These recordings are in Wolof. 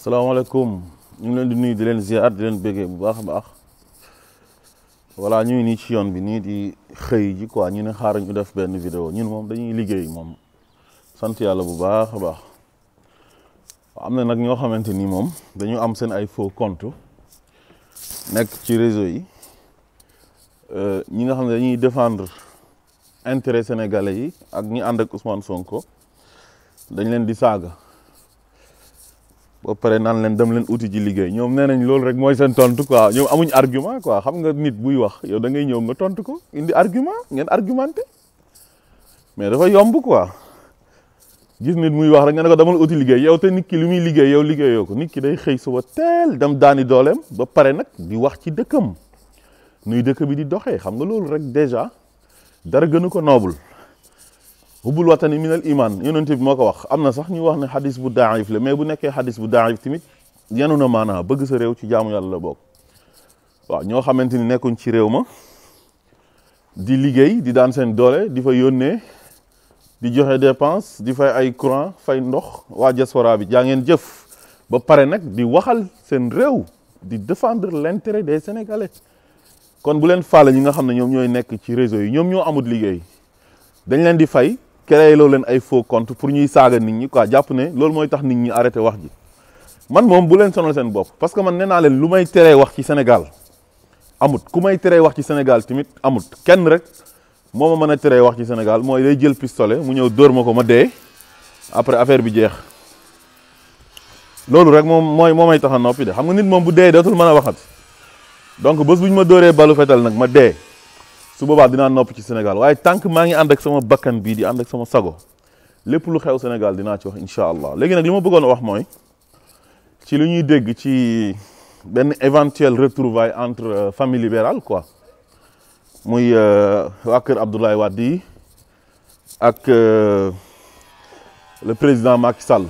salaamaaleykum ñu ngi leen di nuy di leen ziar di leen béggee bu baax a baax voilà ñu ngi nii ci yoon bi nii di xëy ji quoi ñu ne xaar ñu def benn vidéo ñun moom dañuy liggéey moom sant yàlla bu baax baax am na nag ñoo xamante ni moom dañu am seen ay faux compte nekk ci réseau yi euh, ñi nga xam ne dañuy défendre intérêt sénégalais yi ak ñi ànd ak Ousmane Sonko dañ leen di saaga. ba pare naan leen dem leen uti ji liggéey ñoom nee nañ loolu rek mooy seen tontu quoi ñoom amuñ argument ko xam nga nit muy wax yow dangay ngay ñëw nga tontu ko indi argument ngeen argumenté mais dafa yomb quoi gis nit muy wax rek nga ne ko demal uti liggéey yow te nit ki li muy liggéey yow liggéeyoo ko nit ki day xëy suba teel dem daani dooleem ba pare nag di wax ci dëkkam nuy dëkk bi di doxee xam nga loolu rek déjà dar gënu ko noobul hubul watani min al iman yonent bi moko wax amna sax ñu wax ne hadith bu daif la mais bu nekké hadith bu daif timit yanu na mana bëgg sa rew ci jaamu yàlla la bokk waaw ñoo xamante nekkuñ ci réew ma di liggéey di daan sen doole di fa yonne di joxe dépense di fay ay courant fay ndox wa diaspora bi jaa ngeen jëf ba pare nak di waxal sen rew di défendre l'intérêt des sénégalais kon bu len faale ñi nga xamne ñom ñoy nekk ci réseau yi ñom ñoo amul liggéey dañ leen di fay créé loolu leen ay foo compte pour ñuy saaga nit ñi quoi jàpp ne loolu mooy tax nit ñi arrêté wax ji man moom bu leen sonal seen bopp parce que man nee leen lu may teree wax ci Sénégal amut ku may teree wax ci Sénégal tamit amut kenn rek moo ma mën a teree wax ci Sénégal mooy day jël pistolet mu ñëw dóor ma ko ma dee après affaire bi jeex loolu rek moom mooy moom may tax a noppi de xam nga nit moom bu dee dootul man a waxat donc bés bu ñu ma dóoree balu fetal nag ma dee. su dina nopp ci Sénégal waye tank ma ngi and ak sama bakkan bi di and ak sama sago lepp lu xew Sénégal dina ci wax inshallah légui nak lima bëggone wax moy ci lu ñuy dégg ci ben éventuel retrouvaille entre euh, famille libérale quoi muy euh, waa kër Abdoulaye Wadi, ak euh, le président Macky Sall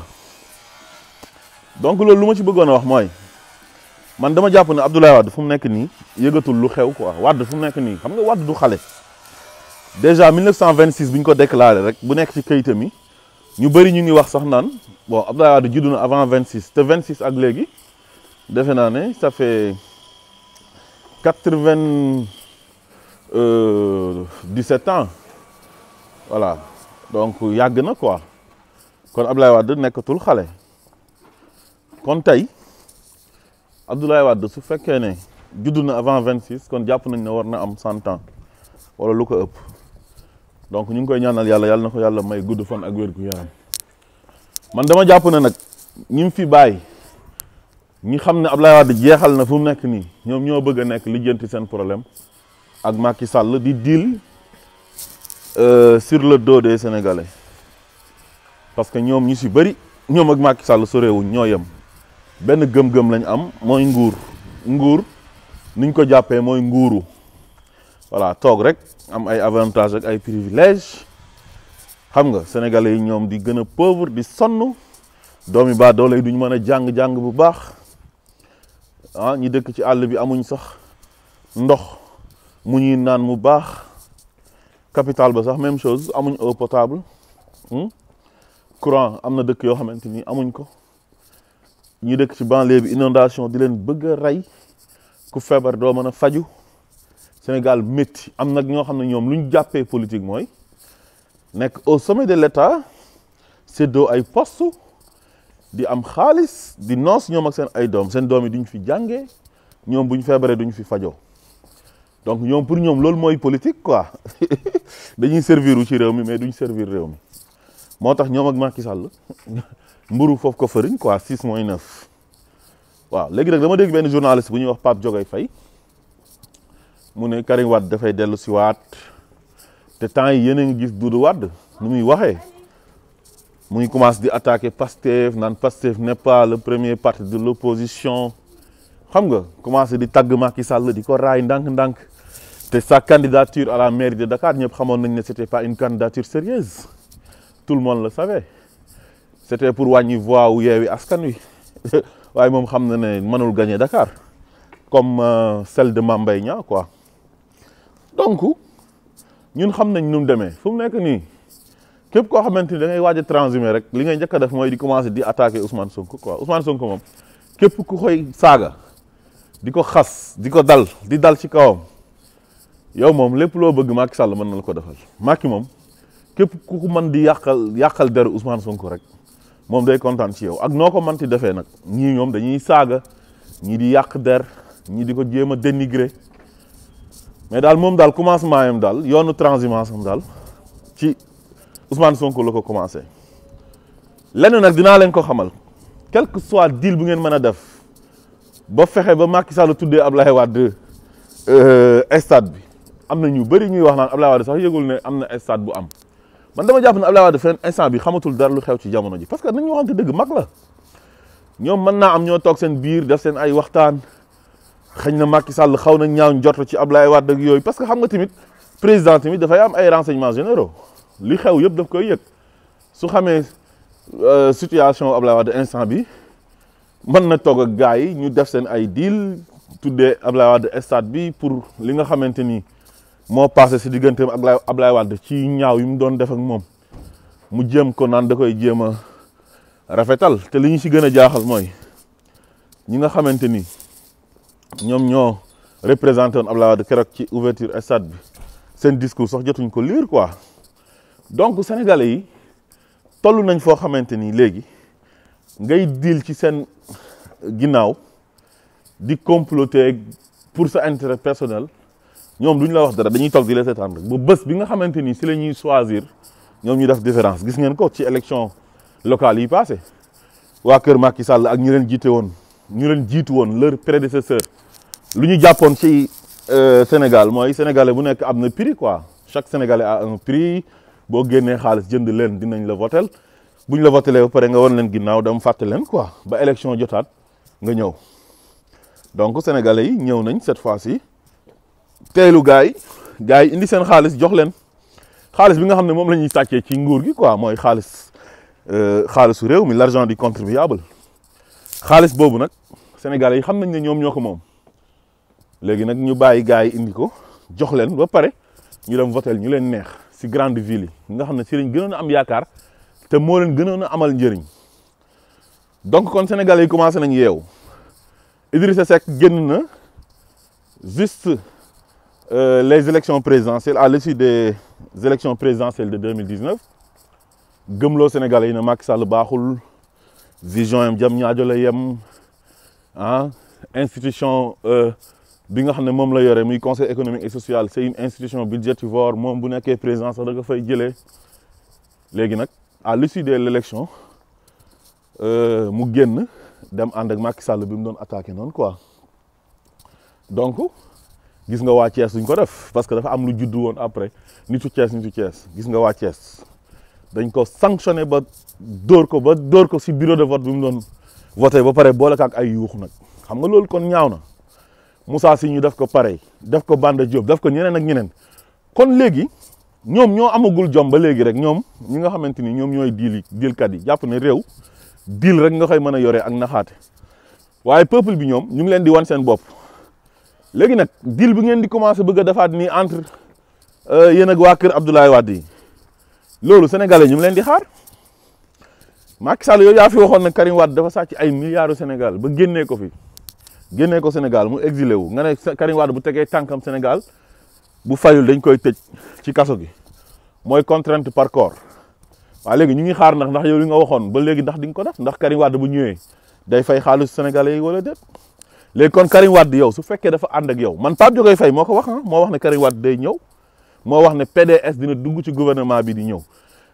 donc loolu lu ma ci bëggone wax moy man dama japp ne Abdoulaye wad fum nek ni yegatul lu xew quoi wad fum nek ni xam nga wad du xalé déjà 1926 buñ ko déclarer rek bu nek ci kayitam mi ñu bari ñu ngi wax sax naan bon Abdoulaye wad jiduna avant 26 te 26 ak légui défé na né ça fait 17 ans voilà donc yag na quoi kon Abdoulaye wad nekatul xalé kon tay Abdoulaye Wade su fekke ne judd avant 26 kon japp nañ ne war na am 100 ans wala luko ko ëpp donc ñu ngi koy ñaanal yalla yalla nako yalla may gudd fan ak wër gu yaram man dama japp ne nak ñim fi bay ñi xamne Abdoulaye Wade jéxal na fu nekk ni ñom ño bëgg a nekk lijjanti sen problème ak Macky Sall di deal euh sur le dos des Sénégalais parce que ñom ñu ci bari ñom ak Macky Sall soreewuñ ñoo ñoyam benn gëm-gëm lañ am mooy nguur nguur niñ ko jàppee mooy nguuru voilà toog rek am ay avantage ak ay privilèges xam nga sénégalais yi ñoom di gën a pauvre di sonnu doomi baa doole yi duñ mën a jàng-jàng bu baax ah ñi dëkk ci àll bi amuñ sax ndox mu ñuy naan mu baax capital ba sax même chose amuñ eau potable hmm? courant am na dëkk yoo xamante ni amuñ ko ñu dëkk ci banlieue bi inondation di leen bëgg a rey ku feebar doo mën a faju Sénégal métti am nag ñoo xam ne ñoom lu ñu jàppee politique mooy nekk au sommet de l'État séddoo ay poste di am xaalis di noos ñoom ak seen ay doom seen doom yi duñ fi jàngee ñoom bu ñu feebaree duñ fi fajoo donc ñoom pour ñoom loolu mooy politique quoi dañuy servir ci réew mi mais duñ servir réew mi moo tax ñoom ak Macky Sall mburu fof ko quoi six moins neuf waaw léegi dama dégg ben journaliste bu ñuy wax Pape jogay fay mu ne Karim da fay waat te temps a gis dudu commence di attaquer Pastef nan Pastef n'est pas le premier parti de l'opposition xam nga commencé di tag Macky di ko sa candidature à la mairie de Dakar Ni ne c'était pas une candidature sérieuse tout le monde le savait c'était pour wàññi voix wu Yewwi Askan Wi waaye moom xam na ne mënul gagner Dakar comme euh, celle de Mame Mbaye Niang quoi donc ñun xam nañ nu mu demee fu mu nekk nii képp koo xamante ne da ngay waaj a transhumer rek li ngay njëkk def mooy di commencer di attaquer Ousmane Sonko quoi Ousmane Sonko moom képp ku koy saaga di ko xas di ko dal di dal ci kawam yow moom lépp loo bëgg Macky Sall mën na la ko defal Macky moom képp ku ko mën di yàqal yàqal deru Ousmane Sonko rek. mom day contane ci yow ak noko man ti defé nak ñi ñom dañuy saga ñi di yak der ñi di ko jéem dénigrer mais d'al mom d'al commencement yam dal yoonu transhumance am daal ci Ousmane Sonko lako commencé lenn nak dina leen ko xamal quel que soit deal bu ngeen mëna def ba fexé ba Macky Sall tuddee Ablaye Wade euh, stade bi amna ñu bëri ñuy wax naan Abdoulaye Wade sax yegul né amna stade bu am man dama jàpp ne Abdoulaye Wade fenn instant bi xamatul dara lu xew ci jamono ji parce que nañu waxante dëgg mag la ñoom mën naa am ñoo toog seen biir def seen ay waxtaan xëñ na Macky Sall xaw na ñaaw njort ci Abdoulaye Wade ak yooyu parce que xam nga tamit président tamit dafay am ay renseignements généraux li xew yëpp daf koy yëg su xamee euh, situation Abdoulaye Wade instant bi mën na toog ak gars yi ñu def seen ay deal tuddee Abdoulaye Wade stade bi pour li nga xamante ni. moo passé si digganteem ak Ablaye Wade ci ñaaw yi mu doon def moom mu jéem ko naan da koy jéem a rafetal te li ñu si gën a jaaxal mooy ñi nga xamante ni ñoom ñoo représenté woon Ablaye Wade keroog ci ouverture stade bi seen discours sox jotuñ ko liir quoi donc sénégalais yi toll nañ foo xamante ni léegi ngay diil ci seen ginnaaw di comploter pour sa intérêt personnel. ñoom lu ñu la wax dara dañuy toog di la seetaan rek ba bés bi nga xamante ni si la ñuy choisir ñoom ñu def différence gis ngeen ko ci élection locale yi passé waa kër ki Sall ak ñu leen jiite woon ñu leen jiitu woon leur prédécesseur lu ñu jàppoon ci euh, Sénégal mooy sénégalais bu nekk am na prix quoi chaque sénégalais a un boo génnee xaalis jënd leen dinañ la votel bu ñu la votelee ba pare nga wan leen ginnaaw dem fàtte leen ko ba élection jotaat nga ñëw donc sénégalais yi ñëw nañ cette fois-ci. teelu gars yi gars yi indi seen xaalis jox leen xaalis bi nga xam ne moom la ñuy sàccee ci nguur gi quoi mooy xaalis euh, xaalisu réew mi l'argent di contribuable xaalis boobu nag Sénégalais yi xam nañ ne ñoom ñoo ko moom léegi nag ñu bàyyi gars yi indi ko jox leen ba pare ñu dem votel ñu leen neex si grande ville yi nga xam ne si lañ gënoon a am yaakaar te moo leen gënoon a amal njëriñ donc kon Sénégalais yi commencé nañ yeewu Idrissa Seck génn na juste Euh, les élections présidentielles, à l'issue des élections présidentielles de 2019, le Sénégalais yi ne Macky Sall vision yam jam ñaajo yem ah, institution euh, bi nga conseil économique et social c'est une institution budgétivore moom bu nekkee président sax da nga fay jëlee léegi à l'issue de l'élection euh, mu génn dem ànd ak Sall bi mu doon quoi donc gis nga waa Thiès duñ ko parce que dafa am lu juddu woon après nitu Thiès nitu Thiès gis nga waa dañ ko sanctionné ba dóor ko ba dóor ko si biro de vote bi mu doon voté ba pare boole ko ak ay yuux nag xam nga loolu kon ñaaw na Moussa si ñu def ko pare def ko Banda Diop def ko ñeneen ak ñeneen kon léegi ñoom ñoo amagul jom ba léegi rek ñoom ñi nga xamante ni ñoom ñooy diil diilkat yi jàpp ne réew diil rek nga koy mën a yoree ak naxaate waaye peuple bi ñoom ñu ngi leen di wan seen bopp. léegi nag deal bi ngeen di commencé bëgg a defaat nii entre euh, yéen ak waa kër Abdoulaye Wade yi loolu sénégalais ñu ngi leen di xaar Macky Sall yow yaa fi waxoon ne Karim Wade dafa sàcc ay milliards Sénégal ba génnee ko fi génnee ko senegal mu exilé wu nga ne Karim Wade bu tegee tànkam senegal bu fayul dañ koy tëj ci kaso gi mooy contrainte par corps waaw léegi ñu ngi xaar ndax ndax yow li nga waxoon ba léegi ndax di ko def ndax Karim Wade bu ñëwee day fay xaalis sénégalais yi wala déet. Les kon Karim Wade yow su dafa and ak yow man moi wax ah, wax Karim day wax PDS dina dugg ci gouvernement bi di ñew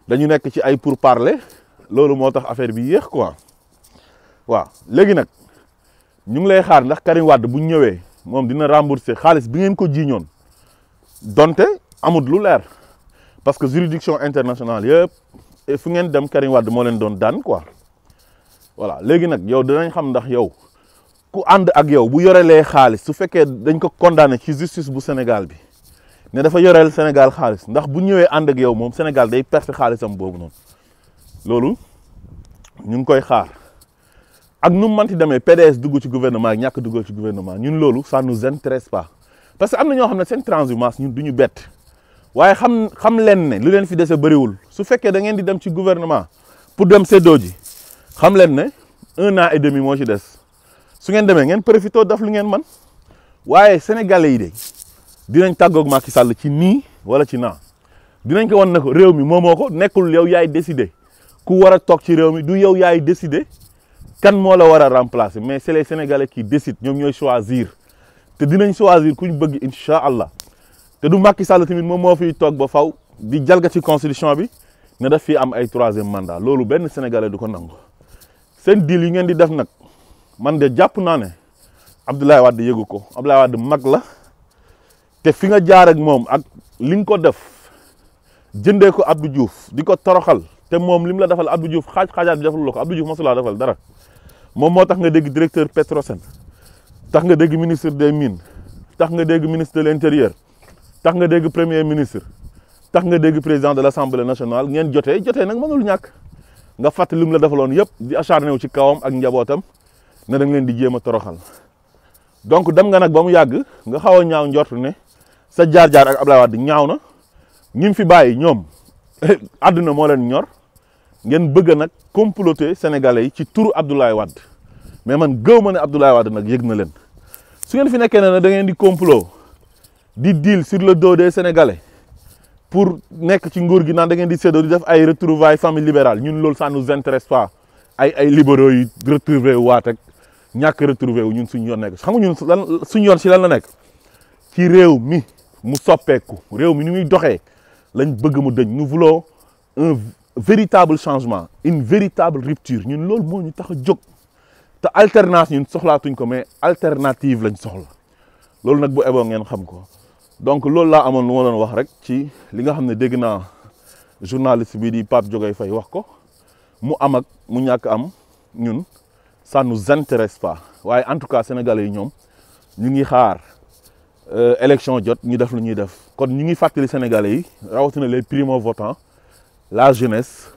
dañu ci ay pour affaire bi yeex quoi waaw nak lay xaar ndax Karim bu dina rembourser bi ngeen ko lu parce que juridiction internationale et fu ngeen dem Karim Wade mo quoi voilà yow xam ku ànd ak yow bu yoreelee xaalis su fekkee dañ ko condamné ci justice bu Sénégal bi ne dafa yoreel Sénégal xaalis ndax bu ñëwee ànd ak yow moom senegal day perte xaalisam boobu noonu loolu ñu ngi koy xaar ak nu mu mënti demee PDS dugg ci gouvernement ñàkk duggal ci gouvernement ñun loolu ça nous intéresse pas parce que am na ñoo xam ne seen transhumance ñun du ñu bett waaye xam xam leen ne lu leen fi dese bariwul su fekkee da ngeen di dem ci gouvernement pour dem séddoo ji xam leen ne un an et moo ci des. su ngeen demee ngeen profité def lu ngeen man waaye sénégalais yi de dinañ tàggoog Macky Sall ci nii wala ci naa dinañ ko wan ne ko réew mi moomoo ko nekkul yow yaay décider ku war a toog ci réew mi du yow yaay décider kan moo la war a remplacer mais c'est les sénégalais qui décident ñoom ñooy choisir te dinañ choisir ku ñu bëgg incha allah te du Macky Sall tamit moom moo fiy toog ba faw di ci constitution bi ne daf fi am ay troisième manda loolu benn sénégalais du ko nangu seen deal yi ngeen di def nag. man de jàpp naa ne Abdoulaye Wade yëgu ko Abdoulaye Wade mag la te fi nga jaar ak moom ak li nga ko def jëndee ko Abdou Diouf di ko toroxal te moom li mu la defal Abdou Diouf xaaj xaajaat bi defal la ko Abdou Diouf mosulaa defal dara moom moo tax nga dégg directeur Petrosen tax nga dégg ministre des mines tax nga dégg ministre de l' intérieur tax nga dégg premier ministre tax nga dégg président de l' assemblée nationale ngeen jote jotee nag mënul ñàkk nga fàttali li mu la defaloon yëpp di acharné wu ci kawam ak njabootam. na da leen di jéem a toroxal donc dem nga nag ba mu yàgg nga xaw a ñaaw njort ne sa jaar-jaar ak Abdoulaye Wade ñaaw na ñi fi bàyyi ñoom adduna moo leen ñor ngeen bëgg nag comploter sénégalais yi ci turu Abdoulaye Wade mais man gëw ma ne Abdoulaye Wade nag yëg na leen su ngeen fi nekkee ne da ngeen di complot di deal sur le dos des sénégalais pour nekk ci nguur gi naan da ngeen di séddoo di def ay retrouvailles famille libérale ñun loolu ça nu intéresse pas ay ay libéraux yi retrouvé ñak retrouvé wu ñun suñu yoon nekk xam nga ñun suñu yoon ci lan la nek ci réew mi mu soppeeku réew mi ni muy doxee lañ bëgg mu dëñ nous voulons un véritable changement une véritable rupture ñun lool mo ñu tax a jóg alternance ñun soxlaatuñ ko mais alternative lañ soxla lool nak bu ébo ngeen xam ko donc lool la amoon lu ma doon wax rek ci li nga xamné dégg na journaliste bi di pap jogay fay wax ko mu am ak mu ñak am ñun ça ne nous intéresse pas waaye en tout cas sénégalais nous ñoom ñu ngi xaar euh, élection jot ñu def lu ñuy def kon ñu ngi sénégalais yi rawatina les primo votants la jeunesse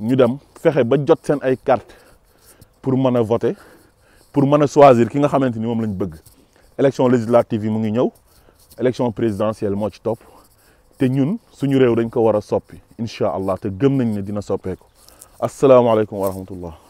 nous dem fexe ba jot carte pour mën voter pour mën choisir ki nga xamante ni lañ bëgg élection législative yi mu ngi élection présidentielle moo ci topp te ñun suñu réew dañ ko war a soppi incha allah gëm nañ wa rahmatullah